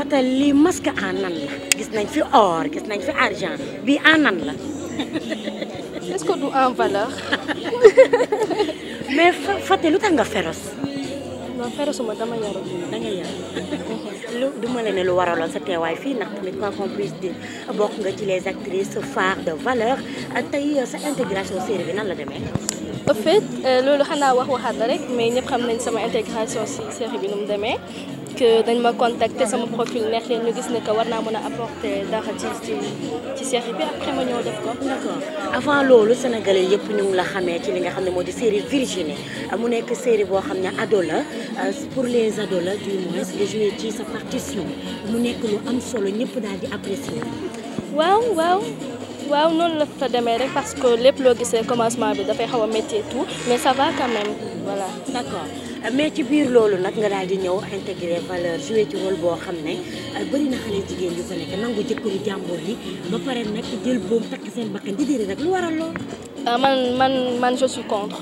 fatal lii masque anan la gis nañ fi or gis nañ fi argent bi anan la est-ce du en valeur mais fatal lu tax nga ma dama yaru lu du ma la lu waraloon sa teewaay fii ndax tamit quoi qu'on puisse dire bokk nga ci les actrices phares de valeur tey sa intégration série nan la demee au fait euh, loolu xanaa wax waxaat la rek mais ñëpp xam nañ sama intégration ci série bi nu mu que dañ ma contacter sama profil neex leen ñu gis ne war naa mën a apporter dara ci ci ci série bi après ma ñëw def ko. avant loolu sénégalais yëpp ñu ngi la xamee ci li nga xam ne moo di série Virginie mu nekk série boo xam ne ado la euh, pour les ados la du moins nga joué ci sa partition mu nekk lu am solo ñëpp daal di apprécier. waaw waaw. waaw noonu la fa demee rek parce que lépp loo gisee commencement bi dafay xaw a métti tout mais ça va quand même voilà. d'accord mais ci biir loolu nag nga daal di ñëw intégrer valeur jouer ci rôle boo xam ne bëri na xale jigéen yu ko nekk nangu jëkkëru jàmbur yi ba pare nag jël boobu takk seen bakkan di diri rek lu waral loolu. Euh, man man man je suis contre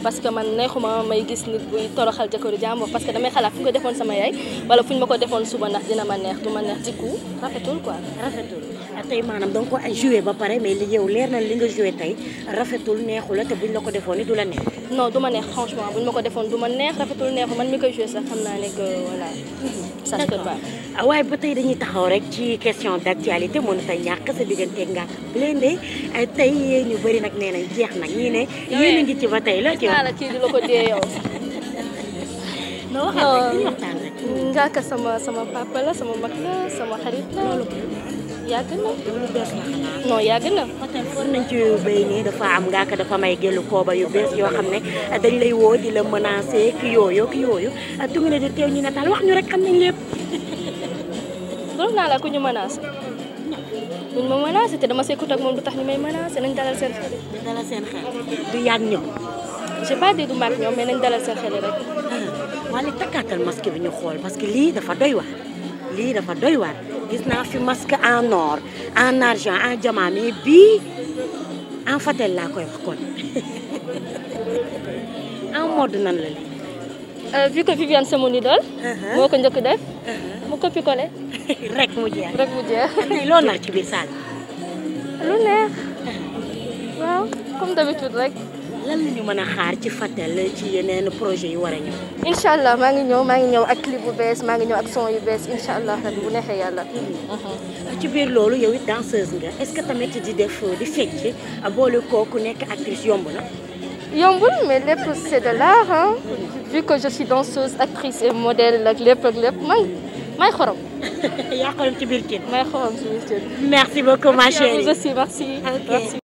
parce que man neexuma may gis nit buy toroxal jëkkëru jàmbur parce que damay xalaat fu ñu defoon sama yaay wala fu ñu ma ko defoon suba ndax dina ma neex du ma neex jikku rafetul quoi. rafetul ah, tey maanaam donc ko ay joué ba pare mais li yow leer na li nga joué tey rafetul neexu la te buñ la ko defoon ni du la neex. non du ma neex franchement buñ ma ko defoon du ma neex rafetul neexu man mi koy joué sax xam naa ne que voilà. Mhm. ça se passe ah, waaye ba tey taxaw rek ci question d' actualité mënut a ñàkk sa digganteeg Ngaaka Blindé ah, tey ñu bëri nag nee yi jeex na ñii ne yéen a ngi ci ba tey la ci la kii di la ko dee yow euh, ngaaka sama sama papa la sama mag la sama xarit la yàgg na loolu bees la xanaa non yàgg na peut-être war nañ ci béy nii dafa am ngaaka dafa may gëllu kooba yu bees yoo xam ne dañ lay woo di la menacer ki yooyu ki yooyu ah, tungi ne di teew ñu ne taal wax ñu rek xam nañ lépp loolu naa la ku ñu menacer duñ ma menacé te dama sekkut ak moom du tax ñu may menacé nañ dalal seen xel. dalal seen xel du yàgg ah, bi ñu xool parce que lii dafa doy waar lii dafa doy waar gis naa fi masque en or en argent en diamant mais bii koy wax kon en mode nan la lii. Euh, vu que Viviane moo copier coller. rek mu jeex rek mu jeex. loo nar ci saal lu neex waaw comme d'habitude rek. lan la ñu mën a xaar ci Fatel ci yeneen projet yu war a ñëw. incha allah maa ngi ñëw maa ngi ñëw ak clip bu bees maa ngi ñëw ak son yu bees incha allah rabi bu neexee yàlla. Uh-huh. ci biir loolu yow it danseuse nga est-ce que tamit di def di fecc boole kooku nekk actrice yomb na. yombul mais lépp c'est de l'art hein vu je suis danseuse actrice et modèle ak lépp ak lépp man. may xorom. yaa xorom ci biir cin. may xorom ci biir cin. merci beaucoup ma chérie. vous aussi merci. merci.